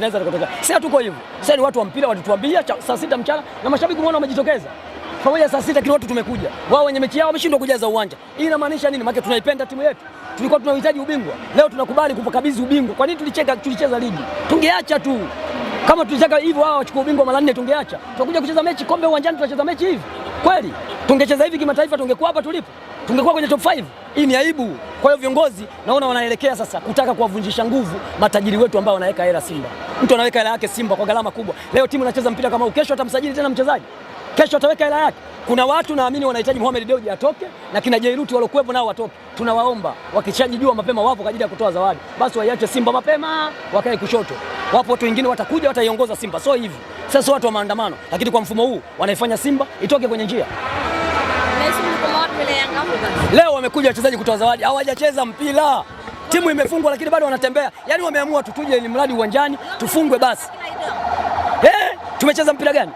lolote linaweza kutokea. Sasa tuko hivyo. Sasa ni watu wa mpira walituambia saa sita mchana na mashabiki umeona wamejitokeza pamoja saa sita, kila watu tumekuja. Wao wenye mechi yao wameshindwa kujaza uwanja. Hii inamaanisha nini? Maana tunaipenda timu yetu, tulikuwa tunahitaji ubingwa, leo tunakubali kupokabidhi ubingwa. Kwa nini tulicheka? Tulicheza ligi, tungeacha tu. Kama tulitaka hivyo hao wachukue ubingwa mara nne, tungeacha. Tunakuja kucheza mechi kombe uwanjani, tunacheza mechi hivi kweli? Tungecheza hivi kimataifa, tungekuwa hapa tulipo tungekuwa kwenye top 5. Hii ni aibu. Kwa hiyo viongozi naona wanaelekea sasa kutaka kuwavunjisha nguvu matajiri wetu ambao wanaweka hela Simba. Mtu anaweka hela yake Simba kwa gharama kubwa. Leo timu inacheza mpira kama kesho atamsajili tena mchezaji, kesho ataweka hela yake. Kuna watu naamini wanahitaji Mohamed Dewji atoke na kina Jairuti walokuwepo nao watoke. Tunawaomba wakichaji jua mapema wapo kwa ajili ya kutoa zawadi, basi waiache Simba mapema, wakae kushoto. Wapo watu wengine watakuja wataiongoza Simba, so hivi sasa watu wa maandamano, lakini kwa mfumo huu wanaifanya Simba itoke kwenye njia. Leo wamekuja wachezaji kutoa zawadi, hawajacheza mpira, timu imefungwa, lakini bado wanatembea. Yaani wameamua tutuje, ili mradi uwanjani tufungwe basi. Eh, tumecheza mpira gani?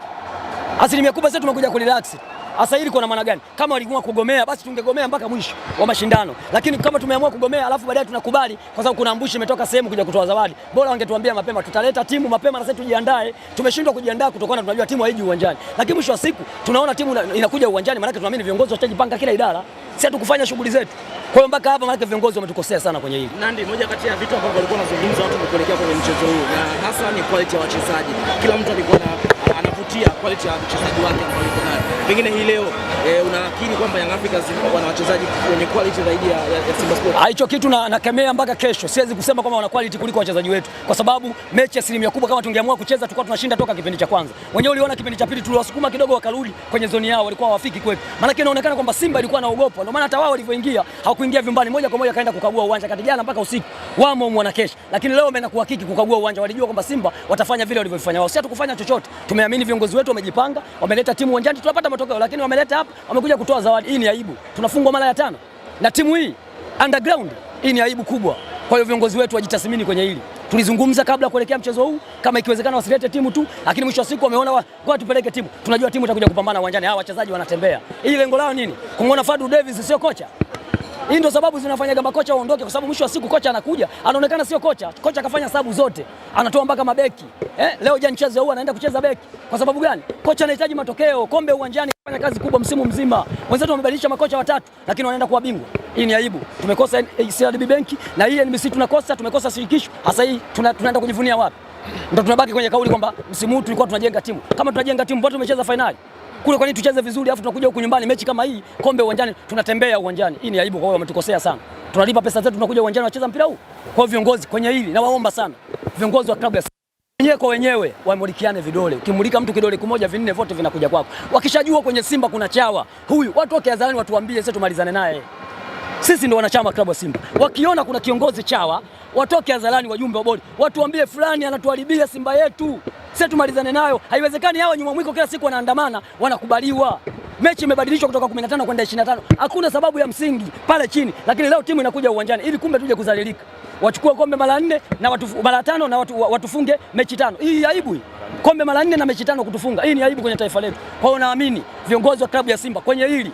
Asilimia kubwa sasa tumekuja kurelax. Sasa hili kuna maana gani? Kama walikuwa kugomea, basi tungegomea mpaka mwisho wa mashindano, lakini kama tumeamua kugomea alafu baadaye tunakubali, kwa sababu kuna mbushi imetoka sehemu kuja kutoa zawadi, bora wangetuambia mapema, tutaleta timu mapema na sasa tujiandae. Tumeshindwa kujiandaa kutokana, tunajua timu haiji uwanjani, lakini mwisho wa siku tunaona timu inakuja uwanjani, maana tunaamini viongozi watajipanga kila idara, sisi tukufanya shughuli zetu. Kwa hiyo mpaka hapa, maana viongozi wametukosea sana kwenye hili. Nandi, moja kati ya vitu ambavyo walikuwa wanazungumza watu kuelekea kwenye mchezo huu, na hasa ni quality ya wachezaji, kila mtu alikuwa na kupitia quality ya mchezaji wake ambayo yuko nayo. Pengine hii leo eh, unaakiri kwamba Young Africans wana wachezaji wenye quality zaidi ya, ya Simba Sports? Ah, hicho kitu na nakemea mpaka kesho. Siwezi kusema kwamba wana quality kuliko wachezaji wetu, kwa sababu mechi asilimia kubwa, kama tungeamua kucheza tulikuwa tunashinda toka kipindi cha kwanza. Wenyewe uliona kipindi cha pili tuliwasukuma kidogo, wakarudi kwenye zoni yao, walikuwa hawafiki kwetu, Maana maanake inaonekana kwamba Simba ilikuwa inaogopa. Ndio maana hata wao walivyoingia hawakuingia vyumbani moja kwa moja, kaenda kukagua uwanja kati jana mpaka usiku, wamo kesho, lakini leo wameenda kuhakiki kukagua uwanja. Walijua kwamba Simba watafanya vile walivyofanya wao, si hatukufanya chochote. Tumeamini viongozi wetu wamejipanga, wameleta timu uwanjani, tunapata matokeo, lakini wameleta hapa wamekuja kutoa zawadi. Hii ni aibu, tunafungwa mara ya tano na timu hii underground. Hii ni aibu kubwa. Kwa hiyo viongozi wetu wajitathmini kwenye hili. Tulizungumza kabla kuelekea mchezo huu, kama ikiwezekana wasilete timu tu, lakini mwisho wa siku wameona wa, kwa tupeleke timu. Tunajua timu itakuja kupambana uwanjani, hawa wachezaji wanatembea. Hii lengo lao nini? Kumwona Fadu Davis sio kocha hii ndio sababu zinafanyaga makocha waondoke, kwa sababu mwisho wa siku kocha anakuja anaonekana sio kocha. Kocha kafanya sabu zote, anatoa mpaka mabeki eh. Leo je mchezo huu anaenda kucheza beki kwa sababu gani? Kocha anahitaji matokeo. Kombe uwanjani fanya kazi kubwa msimu mzima, wenzetu wamebadilisha makocha watatu, lakini wanaenda kuwa bingwa. Hii ni aibu. Tumekosa CRDB benki na hii NBC tunakosa, tumekosa shirikisho. Sasa hii tunaenda kujivunia wapi? Ndio tunabaki kwenye kauli kwamba msimu huu tulikuwa tunajenga timu. Kama tunajenga timu, mbona tumecheza fainali? kule, kwani tucheze vizuri, afu tunakuja huku nyumbani, mechi kama hii, kombe uwanjani, tunatembea uwanjani. Hii ni aibu kwao, wametukosea sana. Tunalipa pesa zetu, tunakuja uwanjani, wacheza mpira huu. Kwa hiyo viongozi kwenye hili nawaomba sana viongozi wa klabu ya wenyewe kwa wenyewe wamulikiane vidole. Ukimulika mtu kidole kimoja, vinne vyote vinakuja kwako. Wakishajua kwenye Simba kuna chawa huyu, watu wake hadharani, watuambie sisi tumalizane naye. Sisi ndio wanachama klabu ya Simba. Wakiona kuna kiongozi chawa, watoke hadharani, wajumbe wa bodi watuambie fulani anatuharibia Simba yetu sasa tumalizane nayo. Haiwezekani hawa nyuma mwiko kila siku wanaandamana, wanakubaliwa. Mechi imebadilishwa kutoka 15 kwenda 25. Hakuna sababu ya msingi pale chini, lakini leo timu inakuja uwanjani ili kumbe tuje kuzalilika. Wachukue kombe mara nne na watu mara tano na watu watufunge mechi tano. Hii aibu hii. Kombe mara nne na mechi tano kutufunga. Hii ni aibu kwenye taifa letu. Kwa hiyo naamini viongozi wa klabu ya Simba kwenye hili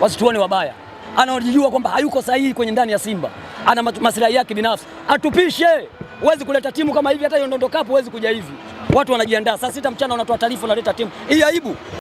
wasituone wabaya. Anaojijua kwamba hayuko sahihi kwenye ndani ya Simba. Ana maslahi yake binafsi. Atupishe. Huwezi kuleta timu kama hivi hata hiyo Ndondo Cup huwezi kuja hivi watu wanajiandaa saa sita mchana, wanatoa taarifa, unaleta timu hii, aibu.